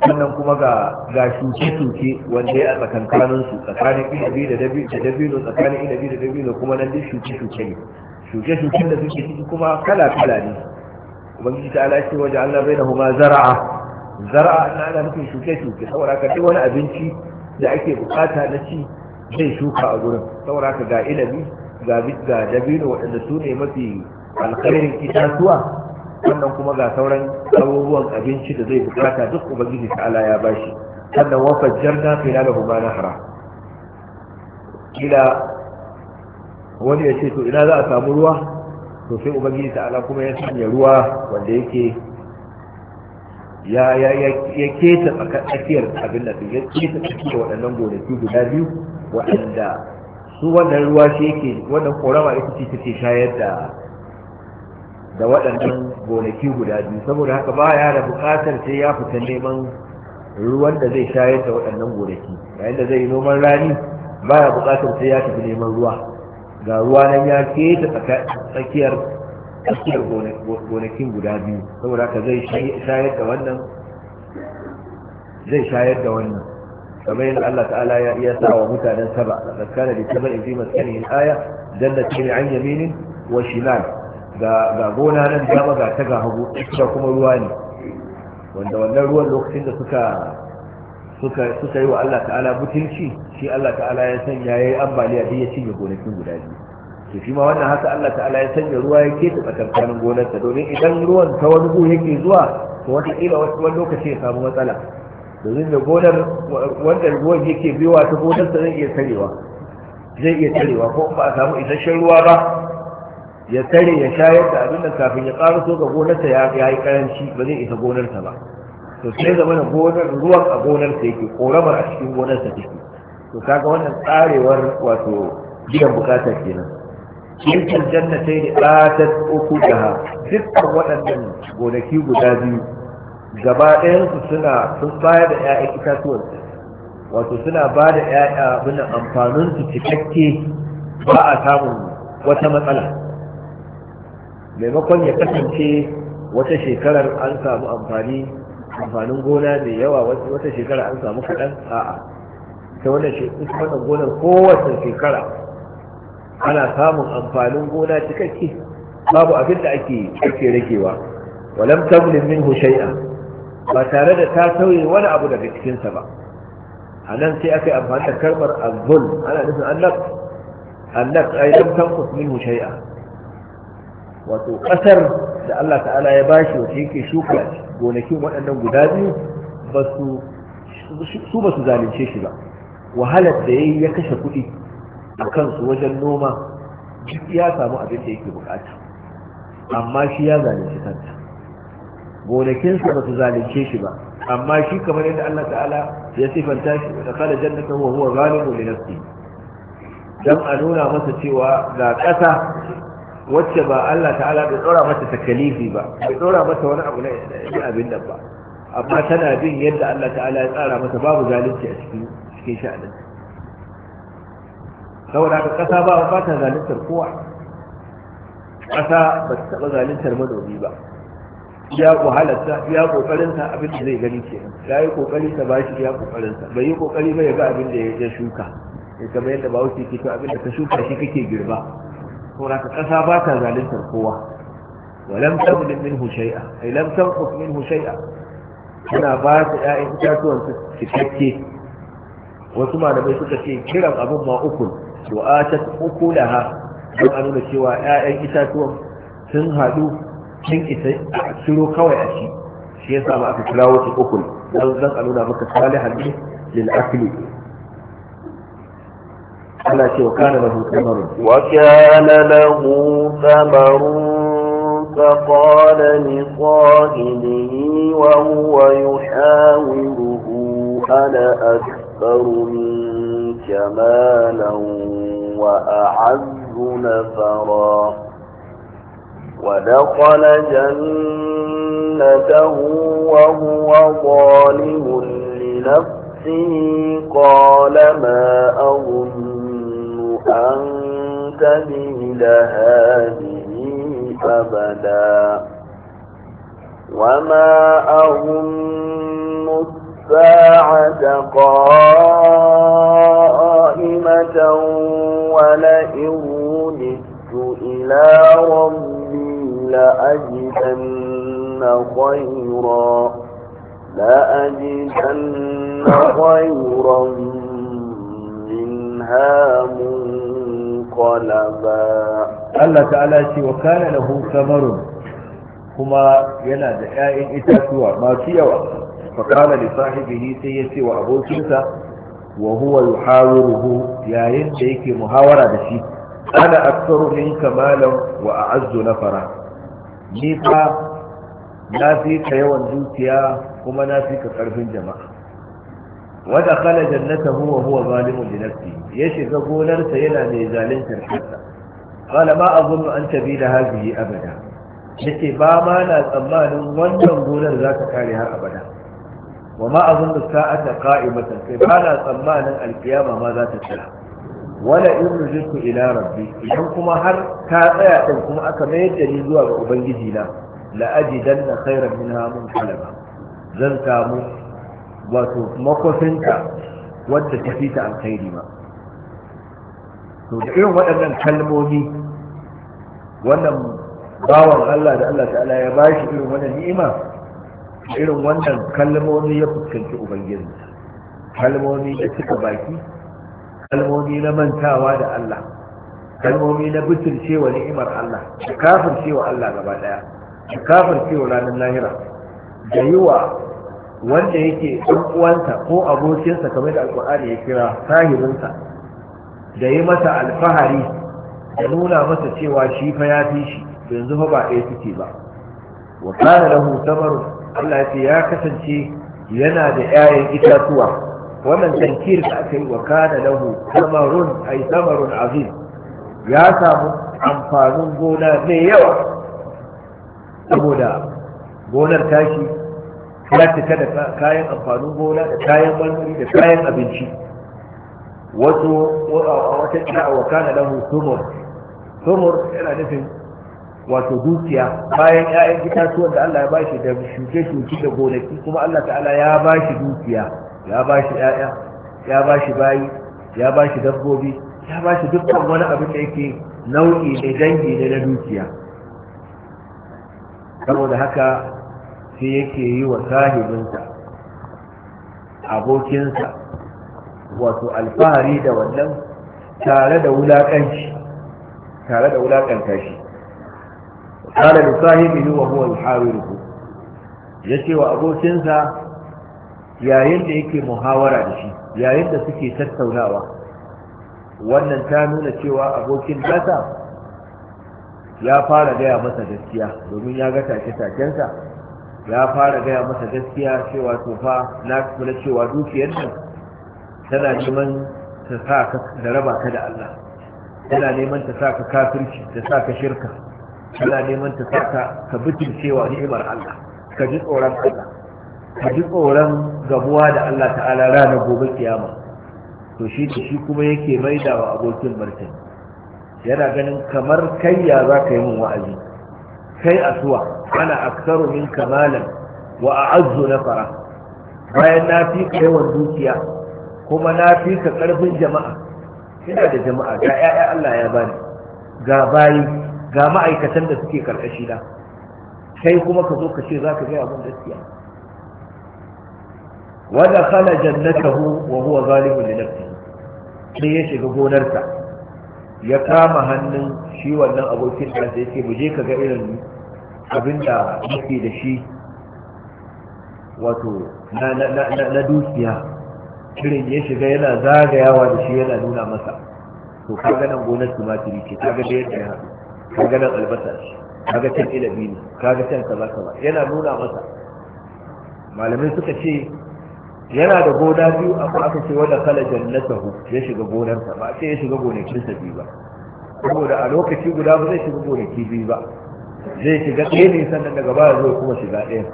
sannan kuma ga shuke-shuke wanda ya a tsakankaninsu tsakanin inabi da dabino tsakanin inabi da dabino kuma nan duk shuke-shuke ne shuke-shuken da suke ciki kuma kala-kala ne ubangiji ta ala ce waje allah bai da huma zara'a zara na ana nufin shuke-shuke saboda ka duk wani abinci da ake bukata na ci zai shuka a gurin saboda ka ga ilimi ga ga dabino waɗanda su ne mafi alkhairin itatuwa wannan kuma ga sauran abubuwan abinci da zai bukata duk ubangiji Allah ya bashi sannan wafa jarna fina da kuma nahra kila wani ya ce to ina za a samu ruwa to sai ubangiji ta ta'ala kuma ya sanya ruwa wanda yake ya ya ya keta tsakiyar abin da ya keta tsakiyar waɗannan gonaki guda biyu waɗanda su wannan ruwa shi yake wannan korama ita ce take shayar da da waɗannan gonaki guda biyu saboda haka ba ya da buƙatar sai ya fita neman ruwan da zai shayar da waɗannan gonaki yayin da zai yi noman rani ba ya buƙatar sai ya tafi neman ruwa ga ruwa nan ya keta tsakiyar tsakiyar gonakin guda biyu saboda haka zai shayar da wannan zai shayar da wannan kamar yadda Allah ta'ala ya iya sa wa mutanen saba a tsakana da saba in fi maskani aya jannatin an yaminin wa shimal ga gona nan dama ga ta ga hagu ita kuma ruwa ne wanda wannan ruwan lokacin da suka suka yi wa Allah ta'ala butulci shi Allah ta'ala ya sanya yi ambaliya da ya cinye gonakin guda biyu ke shima ma wannan haka Allah ta'ala ya sanya ruwa ya keta tsakankanin gonarsa domin idan ruwan ta wani gu yake zuwa to wata kila wani lokaci ya samu matsala domin da gonar wanda ruwan yake biyowa ta gonarsa zai iya tarewa zai iya tarewa ko ba a samu isasshen ruwa ba ya tare ya shayar da abin da kafin ya karaso ga gonarsa ya yi karanci ba zai isa gonarsa ba to sai zama gonar ruwan a gonarsa yake ƙoramar a cikin gonarsa take to kaga wannan tsarewar wato biyan bukata kenan jannatai تلك الجنتين uku أكلها دكا waɗannan gonaki guda biyu gaba ɗayansu suna sun bayar da 'ya'yan itatuwan wato suna ba da 'ya'ya abin amfanin su cikakke ba a samun wata matsala maimakon ya kasance wata shekarar an samu amfani amfanin gona mai yawa wata shekarar an samu kaɗan a'a ta wannan gonar kowace shekara ana samun amfanin gona cikakke babu abin da ake ake rakewa walam tamlin minhu ba tare da ta sauye wani abu daga cikinsa ba. A nan sai aka amfani da karbar azzul ana nufin annab annab ay lam tanqus minhu wato kasar da Allah ta'ala ya bashi wace yake shuka gonakin waɗannan guda biyu ba su su ba su zalunce shi ba wahalar da yayi ya kashe kuɗi a kansu wajen noma duk ya samu abin da yake bukata amma shi ya zalunci kanta gonakinsa ba su zalunce shi ba amma shi kamar yadda Allah ta'ala ya sifanta shi da kala jannata wa huwa zalimun li nafsi dan a nuna masa cewa ga ƙasa wacce ba Allah ta'ala bai tsora mata takalifi ba bai tsora mata wani abu na abin da ba amma tana bin yadda Allah ta'ala ya tsara mata babu zalunci a cikin cikin sha'aninta saboda haka ƙasa ba ba ta zaluntar kowa ƙasa ba ta taɓa zaluntar manomi ba ya wahalarsa ya ƙoƙarinsa abin da zai gani ke ya yi ƙoƙari ta bashi ya ƙoƙarinsa bai yi ƙoƙari ba ya ga abin da ya shuka ya kamar yadda ba wuce ke to abin da ka shuka shi kake girba saboda ka ƙasa ba ta zaluntar kowa walam tamlin minhu shay'a ai lam tanqus minhu shay'a tana ba ta ƴaƴan itatuwan su cikakke wasu malamai suka ce kiran abin ma ukul wa atat ukulaha don a nuna cewa 'ya'yan itatuwan sun haɗu sun isa a shiro kawai a shi shi ya samu aka kira wata ukul don zan a nuna maka tsali hannu lil akli ana ce wa kana lahu samarun wa kana lahu samarun فقال لصاحبه وهو يحاوره أنا أكثر منك جمالا وأعز نفرا ودخل جنته وهو ظالم لنفسه قال ما أظن أن تبيل هذه أبدا وما أظن الساعة قائمة ولئن رددت إلى ربي لأجدن min لأجدن خيرا منها منقلبا Allah ta'ala ce wa kana lahu kuma yana da 'ya'yan itatuwa masu yawa فقال لصاحبه سيسي وأبوكيسا وهو يحاوره يا ينشيك محاورة دشي أنا أكثر منك مالا وأعز نفرا نيفا نافيك يوان جوتيا وما نافيك قرب جماعة ودخل جنته وهو ظالم لنفسه يشف قولر سينا ميزالين ترحلتا قال ما أظن أن تبيل هذه أبدا نتبا ما لا تمان وانا قولر ذاك كارها أبدا wa ma azun da sa'ata qa'imatan kai ba na tsammanin alkiyama ma za ta tsaya wala in rujitu ila rabbi idan kuma har ka tsaya din kuma aka mayar da ni zuwa ga ubangiji na la ajidanna khairan minha munqalaba zan samu wato makofinta wadda ta fita alkhairi ma to da irin waɗannan kalmomi wannan bawan Allah da Allah ta'ala ya bashi irin wannan ni'ima irin wannan kalmomi ya fuskanci ubangiji kalmomi da cika baki kalmomi na mantawa da Allah kalmomi na butulcewa ni'imar Allah da cewa Allah gaba daya da cewa ranar lahira da yiwa wanda yake ɗan uwanta ko abokinsa kamar da alƙur'ani ya kira sahibinsa da yi masa alfahari da nuna masa cewa shi fa ya fi shi yanzu fa ba ɗaya suke ba wa kana lahu samarun Allah ya ya kasance yana da 'ya'yan itatuwa wannan tankir da aka yi wa kana lahu samarun ay samarun azim ya samu amfanin gona mai yawa saboda gonar tashi ya cika da kayan amfanin gona da kayan marmari da kayan abinci wasu wata kira wa kana lahu sumur sumur yana nufin wato dukiya bayan yayan itatuwan da Allah ya bashi da shuke-shuke da gonaki kuma Allah ta'ala ya bashi dukiya ya bashi ƴaƴa ya bashi bayi ya bashi dabbobi ya bashi dukkan wani abin da yake nau'i ne dangi ne na dukiya saboda haka sai yake yi wa sahibinsa abokinsa wato alfahari da wannan tare da wulaƙanci tare da shi قال wa huwa يحاوره yace wa abokinsa yayin da yake muhawara da shi yayin da suke tattaunawa wannan ta nuna cewa abokin nasa ya fara gaya masa gaskiya domin ya ga take-takensa ya fara gaya masa gaskiya cewa tofa na kuma cewa dukiyar nan tana neman ta sa ka da raba ka da Allah tana neman ta sa ka kafirci ta sa shirka kana neman ta saka ka cewa, ni'imar Allah ka ji tsoron Allah ka ji tsoron gabuwa da Allah ta'ala ranar gobe kiyama to shi shi kuma yake maida wa abokin martani yana ganin kamar kai ya za ka yi min wa'azi kai asuwa ana aksaru min kamalan wa na fara. bayan na fi ka yawan dukiya kuma na fi ka karfin jama'a ina da jama'a ga 'ya'ya Allah ya bani ga bayi ga ma'aikatan da suke karkashi na sai kuma ka zo ka ce za ka gaya mun gaskiya wanda kala hu wa huwa zalimun li nafsihi sai ya shiga gonarsa ya kama hannun shi wannan abokin da sai ce mu je ka ga irin abin da muke da shi wato na na na na dukiya irin ya shiga yana zagayawa da shi yana nuna masa to ga nan gonar tumatiri ce kaga da yadda ya haɗu kaga nan albasa ce kaga can ilimi ne kaga can kaza kaza yana nuna masa malamin suka ce yana da goda biyu amma aka ce wanda kala jannatahu ya shiga gonarsa ba sai ya shiga sa biyu ba saboda a lokaci guda ba zai shiga gonaki biyu ba zai shiga ɗaya ne sannan daga baya zai kuma shiga ɗaya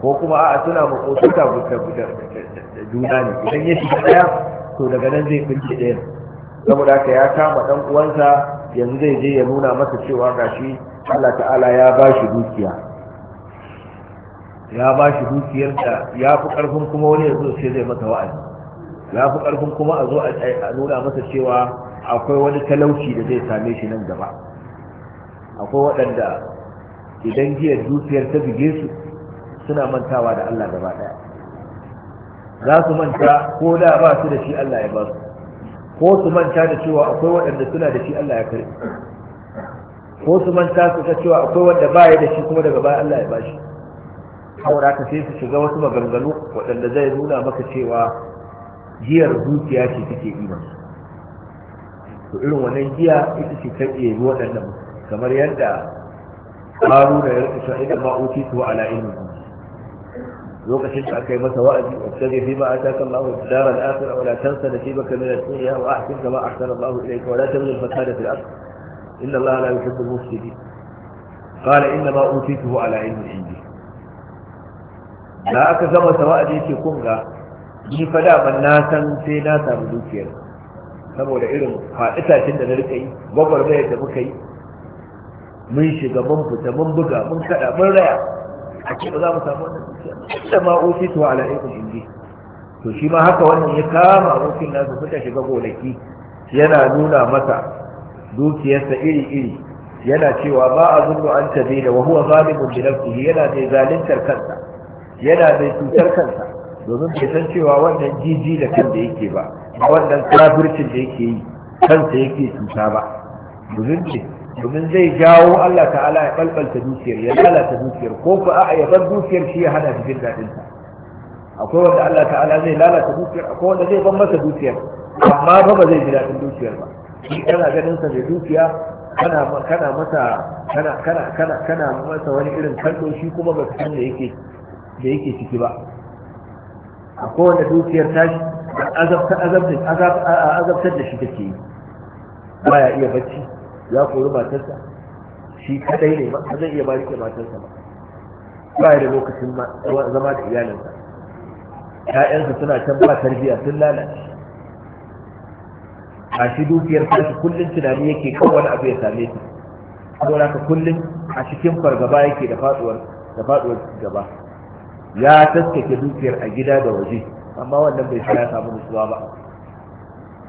ko kuma a'a suna makotuta da juna ne idan ya shiga ɗaya to daga nan zai kunce ɗaya saboda haka ya kama ɗan uwansa yanzu zai je ya nuna masa cewa gashi Allah ta'ala ya ba shi dukiya ya ba shi dukiyar da ya fi karfin kuma wani ya zo sai zai masa wa'azi ya fi karfin kuma a zo a nuna masa cewa akwai wani talauci da zai same shi nan gaba akwai waɗanda idan jiya dukiyar ta bige su suna mantawa da Allah gaba ɗaya za su manta ko da ba su da shi Allah ya ba su ko su manta da cewa akwai waɗanda suna da shi Allah ya karɓi ko su manta su ga cewa akwai wanda ba ya da shi kuma daga baya Allah ya ba shi haura ka sai su shiga wasu maganganu waɗanda zai nuna maka cewa giyar zuciya ce take iman to irin wannan giya ita ce ta iya yi waɗannan kamar yadda Haruna ya rikisha idan ma'uti tuwa ala ilmi lokacin da aka yi masa wa'azi wabtaji fi ma ataka Allah dar al-akhirah wa la tansa nasibaka min ad-dunya a ahsin kama ahsana Allah ilayka wa la tabghi al-fasada fil ardh inna Allah la yuhibbu al-mufsidin qala inna ma utituhu ala ilmin indi da aka gama sa wa'azi yake kun ga ni fa da ban na san sai na samu dukiyar saboda irin faɗi da na rika yi gwagwarmayar da muka yi mun shiga mun fita mun buga mun kada mun raya a ba za mu samu wannan dukiya da ma ofisu ala ilmin inji to shi ma haka wannan ya kama abokin nasu suka shiga gonaki yana nuna masa dukiyarsa iri-iri yana cewa ba a zunnu an tabe da wa huwa zalimun bi nafsihi yana mai zaluntar kansa yana mai cutar kansa domin bai san cewa wannan jiji da kan da yake ba wannan kafircin da yake yi kansa yake cuta ba domin domin zai jawo Allah ta'ala ya balbalta dukiyar ya lalata dukiyar ko ku a ya bar dukiyar shi ya hada jin daɗin ta akwai wanda Allah ta'ala zai lalata dukiyar akwai wanda zai ban masa dukiyar amma fa ba zai ji daɗin dukiyar ba shi kana ganin sa da dukiya kana kana masa kana kana kana kana masa wani irin kallo shi kuma ba san da yake da yake ciki ba akwai wanda dukiyar ta azabta azabta azabtar da shi take yi baya iya bacci ya kori matarsa shi kadai ne ba zai iya bari ke matarsa ba ba da lokacin zama da iyalinsa ƴaƴansa suna can ba tarbiyya sun lalace a shi dukiyar tashi kullum tunani yake kan wani abu ya same ta saboda haka kullum a cikin fargaba yake da faduwar da faduwar gaba ya taskake dukiyar a gida da waje amma wannan bai sa ya samu nutsuwa ba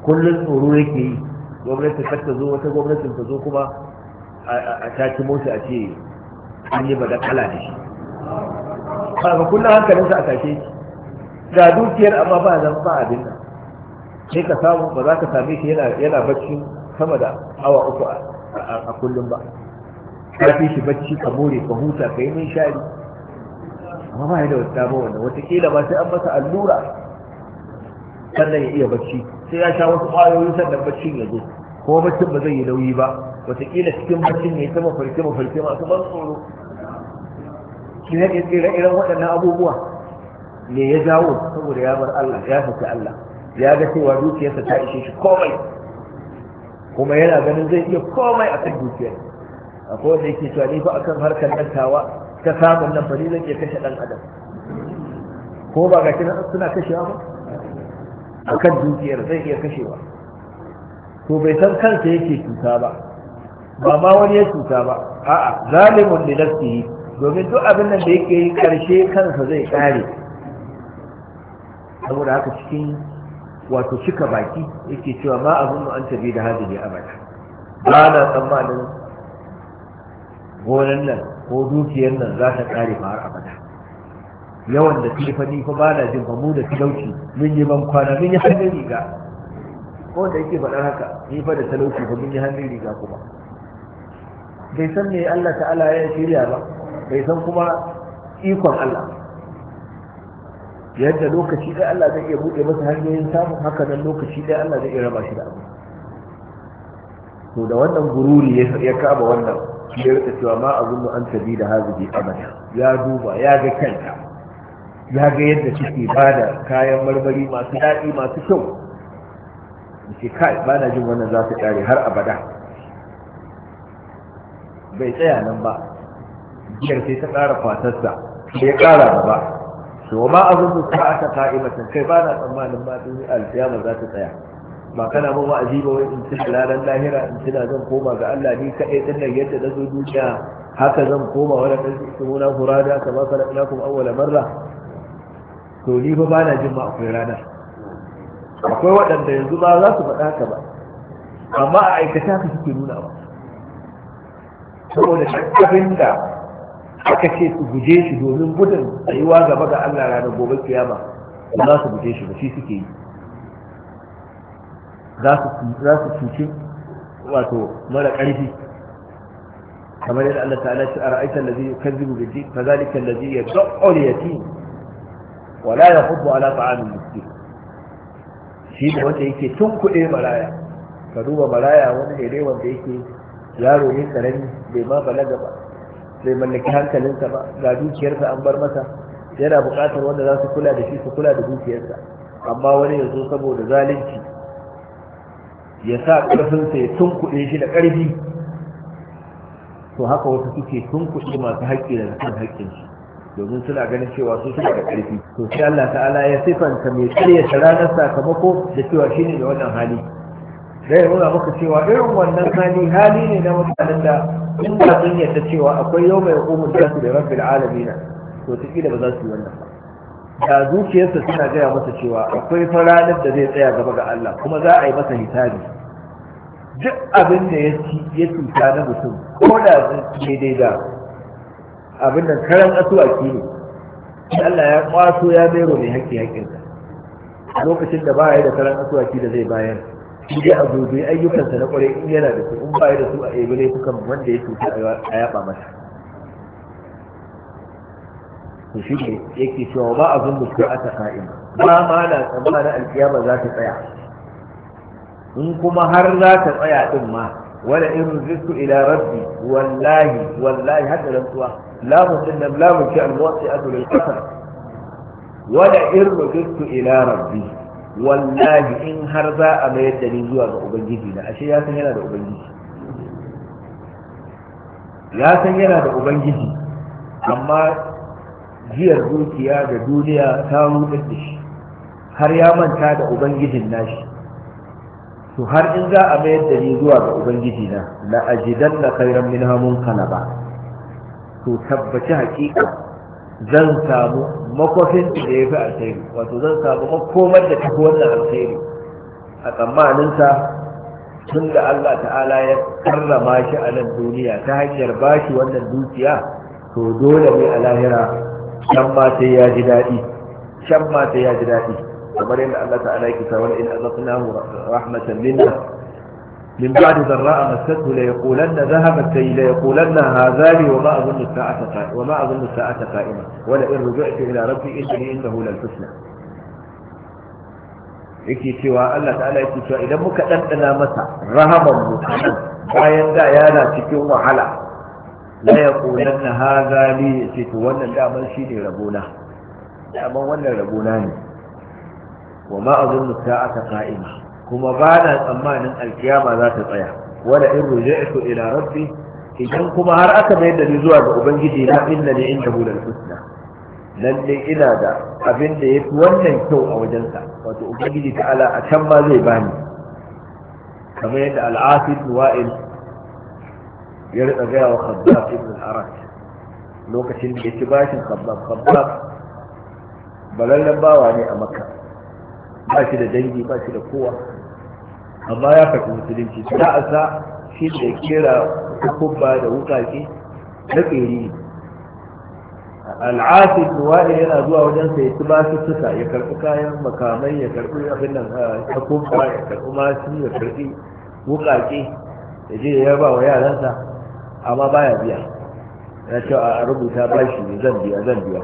kullum tsoro yake yi gwamnatin kar ta zo wata gwamnatin ta zo kuma a taki motsa a ce an yi bada kala da shi ba kullum sa a tashe shi ga dukiyar amma ba nan ba abin nan sai ka samu ba za ka same shi yana bacci sama da awa uku a kullum ba ka fi shi bacci ka more ka huta ka yi min shari amma ba ya da wata dama wannan Wataƙila ma sai an masa allura sannan ya iya bacci sai ya sha wasu ƙwayoyi sannan baccin ya zo ko baccin ba zai yi nauyi ba wataƙila cikin baccin ya yi ta mafarki mafarki masu ban tsoro shi ne ire irin waɗannan abubuwa ne ya jawo saboda ya bar Allah ya fita Allah ya ga cewa dukiyarsa ta ishe shi komai kuma yana ganin zai iya komai a kan dukiyar akwai wanda yake cewa ni fa akan harkar ɗantawa ta samun nan fa ni zan iya kashe ɗan adam ko ba ga kina suna kashewa ba a kan dukiyar zai iya kashewa to bai san kansa yake cuta ba ba ma wani ya cuta ba a'a zalimun li nafsihi domin duk abin nan da yake yi karshe kansa zai kare saboda haka cikin wato cika baki yake cewa ma mu an tabi da hadiri abada ba na tsammanin gonan nan ko dukiyar nan za ta kare har abada yawan da tifa ni ba na jin ba da talauci mun yi ban kwana mun yi hannun riga ko da yake faɗar haka ni fa da talauci fa mun yi hannun riga kuma bai san me Allah ta'ala ya shirya ba bai san kuma ikon Allah yadda lokaci ɗaya Allah zai iya buɗe masa hanyoyin samun haka nan lokaci ɗaya Allah zai iya raba shi da abu to da wannan gururi ya kaba wannan shi ya rika cewa ma a azunnu an tabi da hazihi abada ya duba ya ga kanta ya ga yadda suke ba da kayan marmari masu daɗi masu kyau da ke kai ba na jin wannan za su ƙare har abada bai tsaya nan ba jiyar sai ta ƙara kwatarsa sai ya ƙara gaba to ma a da ta aka ka'imatan kai ba na tsammanin ba duniya alfiyama za ta tsaya ba kana mun wa'azi ba wai in tuna ranar lahira in tuna zan koma ga Allah ni kaɗai din yadda na zo duniya haka zan koma wani ɗan su muna furada kama ka ina kuma awwala marra to ni fa na jin ma akwai ranar akwai waɗanda yanzu ba za su faɗa haka ba amma a aikata ka suke nuna ba saboda shakkafin da aka ce su guje shi domin gudun tsayuwa gaba ga Allah ranar gobe kiyama ba za su guje shi ba shi suke yi za su cuci wato mara ƙarfi kamar yadda Allah ta'ala ce a ra'aitar da zai kan zubu gaji fa zalika allazi yad'u al-yatim wala ya hudu ala ta'amin miskin shi da wanda yake tun kuɗe maraya ka duba maraya wani ne wanda yake yaro ne karami bai ma balaga ba bai mallaki hankalinsa ba ga dukiyarsa an bar masa yana buƙatar wanda za su kula da shi su kula da dukiyarsa amma wani ya zo saboda zalunci ya sa ƙarfinsa ya kuɗe shi da ƙarfi to haka wasu suke kuɗe masu haƙƙi daga kan haƙƙinsu domin suna ganin cewa su suna da ƙarfi to sai Allah ta'ala ya sifanta mai karyata ranar sakamako da cewa ne da wannan hali zai nuna maka cewa irin wannan hali hali ne na mutanen da in ba sun yadda cewa akwai yau mai hukumar da su da rabbil alamin to ta ba za su yi wannan da zuciyarsa suna gaya masa cewa akwai faranar da zai tsaya gaba ga Allah kuma za a yi masa hisabi duk abin da ya ci ya cuta na mutum ko da daidai da abin nan karan asuwaki ne shi Allah ya kwaso ya mero mai haƙƙi haƙƙinsa a lokacin da ba ya da karan asuwaki da zai bayar shi dai a gobe ayyukansa na ƙwarai, in yana da su in ba ya da su a ebe ne kukan wanda ya cuta a yaba masa to shi ne yake cewa ba a zungu ko aka ka'in ba ma na tsammanin alkiyama za ta tsaya in kuma har za ta tsaya din ma wala in rizqu ila rabbi wallahi wallahi hadda rantsuwa lamun din nan lamun ce almuwasi'atu lil qasam wala irmutu ila rabbi wallahi in har za a mayar da ni zuwa ga ubangiji na ashe ya san yana da ubangiji ya san yana da ubangiji amma jiyar dukiya da duniya ta rudin da shi har ya manta da ubangijin nashi to har in za a mayar da ni zuwa ga ubangiji na la ajidanna khairan minha munqalaba to tabbaci hakika zan samu makwafin da ya fi alkhairi wato zan samu makomar da tafi wannan alkhairi a tsammaninsa tun da Allah ta'ala ya karrama shi a nan duniya ta hanyar bashi wannan dukiya to dole ne a lahira shan ma sai ya ji daɗi shan ma ya ji daɗi kamar yadda Allah ta'ala ya kisa wani in azaqnahu rahmatan minna من بعد ذراء مسته ليقولن ذهبت ليقولن هذا لي وما أظن الساعة وما أظن الساعة قائمة ولئن رجعت إلى ربي إني إنه للحسنى yake cewa Allah ta'ala yake cewa idan muka ɗanɗana masa rahaman mu bayan da yana cikin wahala la yaqulanna hadha ya ce, to wannan daman shine rabona daman wannan rabona ne wa ma azunnu sa'ata qa'ima kuma ba na tsammanin alkiyama za ta tsaya wala in ruji'tu ila rabbi idan kuma har aka mayar da ni zuwa ga ubangiji na inna ni indahu lal Nan ne ina da abin da ya fi wannan kyau a wajensa wato ubangiji ta Ala a can ma zai bani kamar yadda al'afi wa'il ya rika gaya wa khabbab ibn al-arat lokacin da ya ci bashin khabbab khabbab balallan bawa ne a makka ba shi da dangi ba shi da kowa amma ya karɓi musulunci sa shi da kera kubba da wukaki na ƙeri al'asir wani yana zuwa wajen sai su ba su suka ya karɓi kayan makamai ya karɓi abin nan ah, ta kubba ya karɓi masu ya karɓi wukaki ya je ya ba wa yaransa amma baya biya ya ce a rubuta bashi ne zan biya zan biya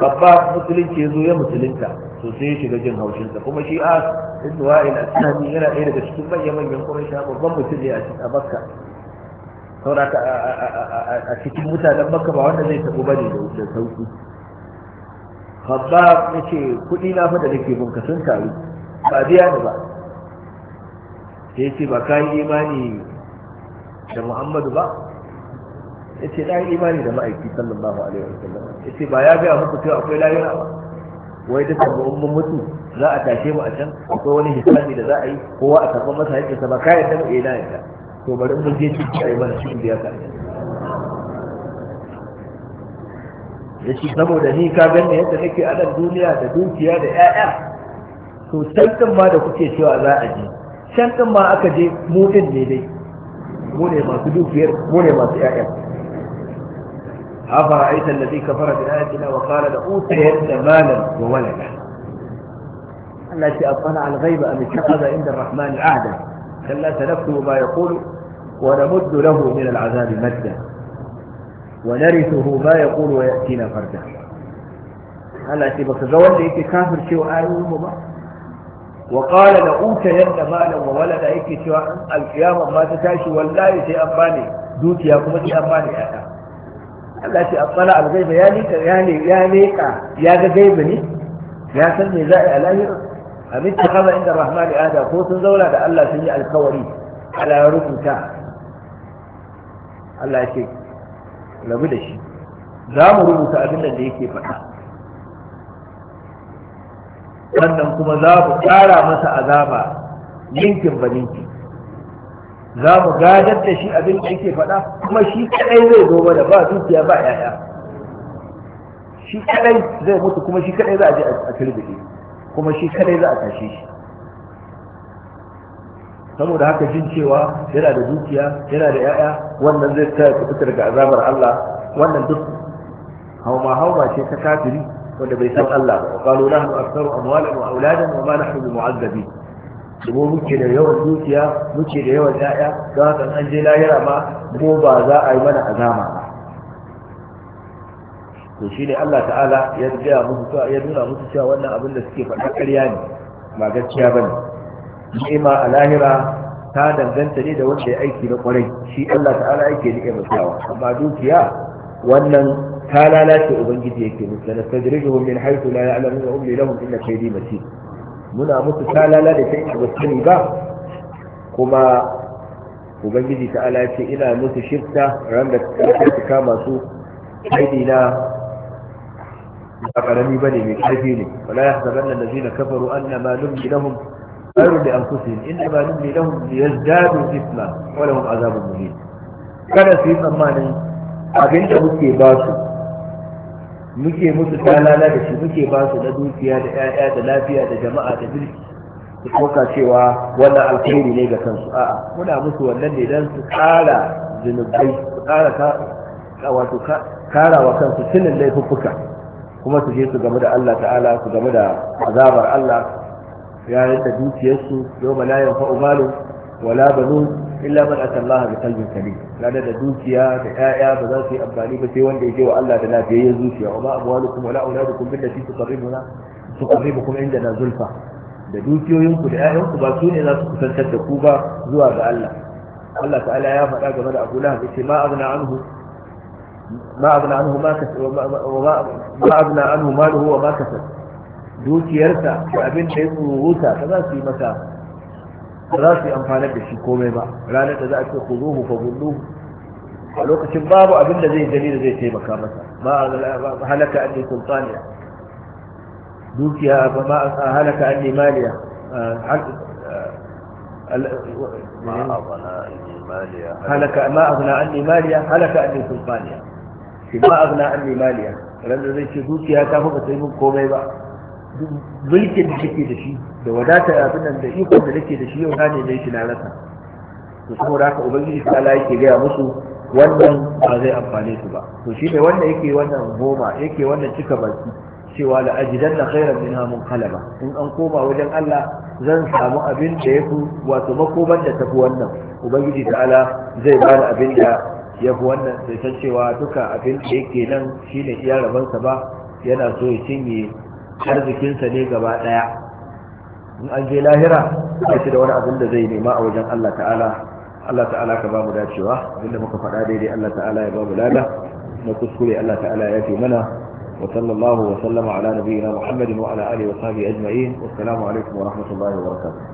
babba musulunci ya zo ya musulunta to sai ya shiga jin haushinsa kuma shi a ibn wa'il al-sami yana ɗaya daga cikin manyan manyan quraisha babban mutum ne a cikin makka saboda a cikin mutanen makka ba wanda zai tabo bane da sauki Babba ya ce kuɗi na fa da nake bin ka sun taru ba biya ni ba sai ce ba ka yi imani da muhammadu ba ya ce na yi imani da ma'aiki sallallahu alaihi wasallam ya ce ba ya biya muku cewa akwai layuna ba wai duka mu mun mutu za a tashe mu a can ko wani hisabi da za a yi kowa a karɓar masa haƙƙin sa ba ka yarda mu ina eh, yarda to bari mu je ci a mana cikin biya ka ya shi saboda ni ka ganni yadda nake a nan duniya da dukiya da 'ya'ya to can ɗin ma da kuke cewa za a je can ɗin ma aka je mu din ne dai mu ne masu dukiyar mu ne masu 'ya'ya أفرأيت الذي كفر بآياتنا وقال لأوتين مالا وولدا التي أطلع الغيب أم اتخذ عند الرحمن عهدا كلا سنكتب ما يقول ونمد له من العذاب مدا ونرثه ما يقول ويأتينا فردا التي بتزول ليك كافر شيء آيوه ما وقال لأوتين مالا وولدا إيك شيء القيامة ما تتاشي والله شيء أماني دوتيا كما شيء أماني Allah ce asala al ya ya ya leka ya ga gaiba ne ya san me za a yi a lahira abin ta kaza inda rahman ada ko sun zauna da Allah sun yi alkawari ala rubuta Allah ce rabu da shi za mu rubuta abin da yake faɗa wannan kuma za mu ƙara masa azaba yankin ba ninkin za mu gadar da shi abin da yake faɗa kuma shi kadai zai zo da ba dukiya ba yaya shi kadai zai mutu kuma shi kadai za a je a turbide kuma shi kadai za a tashe shi saboda haka jin cewa yana da dukiya yana da yaya wannan zai ta fitar ga azabar Allah wannan duk hauma hauma ce ta kafiri wanda bai san Allah ba qalu nahnu aktharu amwalan wa auladan wa ma nahnu bimu'azzabin domin muke da yawan dukiya muke da yawan ya'ya za haka an je lahira ba, ko ba za a yi mana azama ba to shi ne Allah ta'ala ya gaya musu cewa ya nuna musu cewa wannan abin da suke faɗa ƙarya ne ba gaskiya ba ne ni'ima a lahira ta danganta ne da wanda ya aiki na ƙwarai shi Allah ta'ala yake ni'ima cewa amma dukiya wannan ta lalace ubangiji yake musu da tajrijuhum min haythu la ya'lamun wa umli lahum inna kaydi matin muna musu talala da sai ba sani ba kuma ubangiji ta ala ce ina musu shifta ran da su kama su aidi na ba ne mai karfi ne wala yahsabanna allazina kafaru annama numli lahum خير لأنفسهم إنما نملي لهم ليزدادوا إثما ولهم عذاب مهين kada su yi tsammanin abinda muke ba su muke musu talala da shi muke ba su na dukiya da 'ya'ya da lafiya da jama'a da birki su koka cewa wannan alkhairi ne ga kansu a'a muna musu wannan ne don su ƙara zunubai su ƙara wato kara wa kansu tunin laifuffuka kuma su je su gamu da Allah ta'ala su gamu da azabar Allah yayin da dukiyarsu yau ma la wala banun illa man ata Allah bi qalbin da dukiya da ƴaƴa ba za su yi amfani ba sai wanda yake wa Allah da lafiyayyen zuciya wa ma amwalukum wala auladukum billati tuqarribuna tuqarribukum indana zulfa da dukiyoyinku da ƴaƴanku ba su ne za su kusantar da ku ba zuwa ga Allah Allah ta'ala ya faɗa game da Abu Lahab yace ma anhu ma abna anhu ma da abin da ya za su yi masa za su yi amfanar da shi komai ba ranar da za a ce ku zuhu fa gullu a lokacin babu abin da zai gani da zai taimaka masa ma halaka an ne sultaniya dukiya ba ma halaka an maliya halaka ma an maliya halaka an sultaniya shi ma an maliya ranar zai ce dukiya ta fi ba ta yi min komai ba mulkin da nake da shi da wadatar abin nan da ikon da nake da shi yau na ne na shi na rasa to saboda haka ubangiji ta Allah yake gaya musu wannan ba zai amfane su ba to shi ne wanda yake wannan goma yake wannan cika baki cewa la ajidan na khairan min hamun kalaba in an koma wajen Allah zan samu abin da yafi wato makoban da tafi wannan ubangiji Ala zai ba bani abin da ya fi wannan sai san cewa duka abin da yake nan shine iya rabansa ba yana so ya cinye arzikinsa ne gaba ɗaya in an je lahira ba shi da wani abin da zai nema a wajen Allah ta'ala Allah ta'ala ka bamu dacewa Inda muka faɗa daidai Allah ta'ala ya bamu lala. lada na kuskure Allah ta'ala ya fi mana wa sallallahu wa sallama ala nabiyyina Muhammadin wa ala alihi wa sahbihi ajma'in wassalamu alaikum wa rahmatullahi wa barakatuh